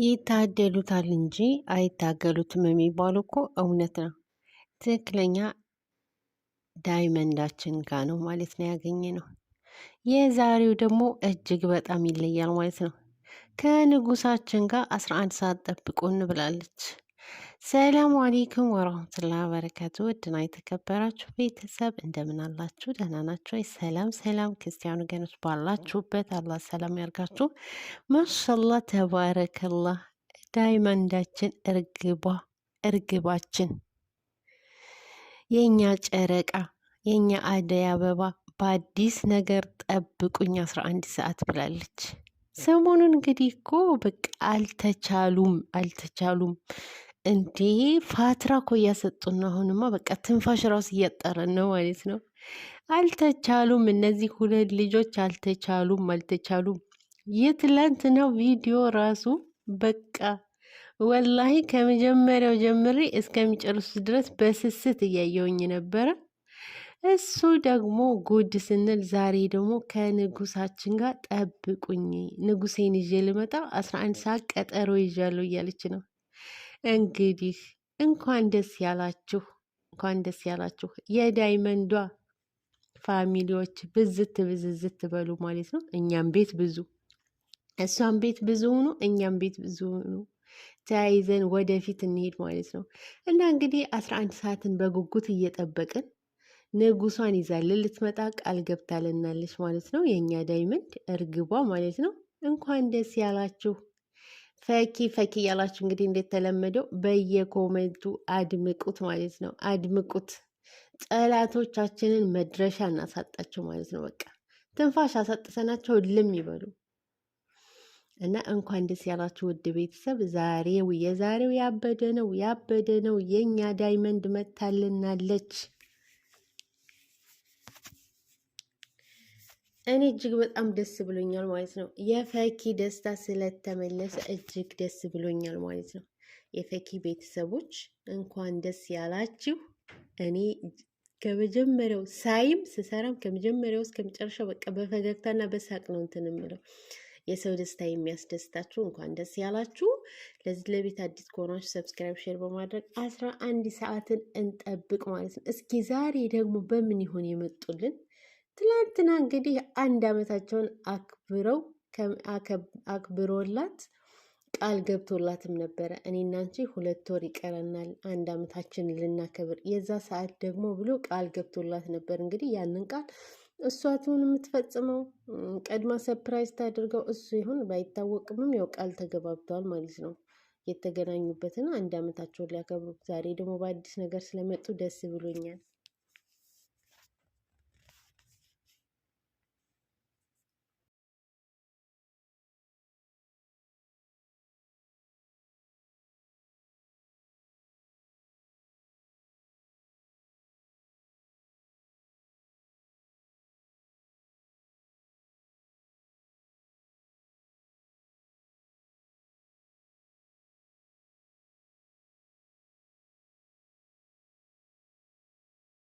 ይታደሉታል እንጂ አይታገሉትም የሚባሉ እኮ እውነት ነው። ትክክለኛ ዳይመንዳችን ጋ ነው ማለት ነው ያገኘ ነው። የዛሬው ደግሞ እጅግ በጣም ይለያል ማለት ነው። ከንጉሳችን ጋር አስራ አንድ ሰዓት ጠብቆን ብላለች። ሰላሙ አሌይኩም ወራህመቱላ በረከቱ። ውድና የተከበራችሁ ቤተሰብ እንደምን አላችሁ? ደህና ናችሁ? ሰላም ሰላም፣ ክርስቲያኑ ገኖች ባላችሁበት አላህ ሰላም ያርጋችሁ። ማሻላ ተባረከላ። ዳይመንዳችን እርግቧ እርግባችን፣ የእኛ ጨረቃ፣ የእኛ አደይ አበባ በአዲስ ነገር ጠብቁኝ አስራ አንድ ሰዓት ብላለች። ሰሞኑን እንግዲህ እኮ በቃ አልተቻሉም አልተቻሉም እንዴ ፋትራ እኮ እያሰጡን ነው። አሁንማ በቃ ትንፋሽ ራሱ እያጠረን ነው ማለት ነው። አልተቻሉም፣ እነዚህ ሁለት ልጆች አልተቻሉም፣ አልተቻሉም። የትላንትናው ቪዲዮ ራሱ በቃ ወላሂ ከመጀመሪያው ጀምሬ እስከሚጨርሱ ድረስ በስስት እያየውኝ ነበረ። እሱ ደግሞ ጉድ ስንል ዛሬ ደግሞ ከንጉሳችን ጋር ጠብቁኝ፣ ንጉሴን ይዤ ልመጣ አስራ አንድ ሰዓት ቀጠሮ ይዣለሁ እያለች ነው እንግዲህ እንኳን ደስ ያላችሁ፣ እንኳን ደስ ያላችሁ የዳይመንዷ ፋሚሊዎች ብዝት ብዝዝት በሉ ማለት ነው። እኛም ቤት ብዙ እሷም ቤት ብዙ ሆኑ፣ እኛም ቤት ብዙ ሆኑ። ተያይዘን ወደፊት እንሄድ ማለት ነው እና እንግዲህ አስራ አንድ ሰዓትን በጉጉት እየጠበቅን ንጉሷን ይዛልን ልትመጣ ቃል ገብታልናለች ማለት ነው። የእኛ ዳይመንድ እርግቧ ማለት ነው። እንኳን ደስ ያላችሁ። ፈኪ ፈኪ እያላችሁ እንግዲህ እንደተለመደው በየኮመንቱ አድምቁት ማለት ነው። አድምቁት ጠላቶቻችንን መድረሻ እናሳጣቸው ማለት ነው። በቃ ትንፋሽ አሳጥሰናቸው ልም ይበሉ እና እንኳን ደስ ያላችሁ ውድ ቤተሰብ። ዛሬው የዛሬው ያበደ ነው ያበደ ነው። የእኛ ዳይመንድ መታልናለች። እኔ እጅግ በጣም ደስ ብሎኛል ማለት ነው። የፈኪ ደስታ ስለተመለሰ እጅግ ደስ ብሎኛል ማለት ነው። የፈኪ ቤተሰቦች እንኳን ደስ ያላችሁ። እኔ ከመጀመሪያው ሳይም ስሰራም ከመጀመሪያው እስከ መጨረሻው በቃ በፈገግታና በሳቅ ነው እንትን የምለው። የሰው ደስታ የሚያስደስታችሁ እንኳን ደስ ያላችሁ። ለዚህ ለቤት አዲስ ከሆናችሁ ሰብስክራይብ፣ ሼር በማድረግ አስራ አንድ ሰዓትን እንጠብቅ ማለት ነው። እስኪ ዛሬ ደግሞ በምን ይሆን የመጡልን ትላንትና እንግዲህ አንድ ዓመታቸውን አክብረው አክብሮላት ቃል ገብቶላትም ነበረ። እኔ እናንቺ ሁለት ወር ይቀረናል አንድ ዓመታችን ልናከብር የዛ ሰዓት ደግሞ ብሎ ቃል ገብቶላት ነበር። እንግዲህ ያንን ቃል እሷ የምትፈጽመው ቀድማ ሰፕራይዝ ታድርገው እሱ ይሁን ባይታወቅምም ያው ቃል ተገባብተዋል ማለት ነው። የተገናኙበትን አንድ ዓመታቸውን ሊያከብሩ ዛሬ ደግሞ በአዲስ ነገር ስለመጡ ደስ ብሎኛል።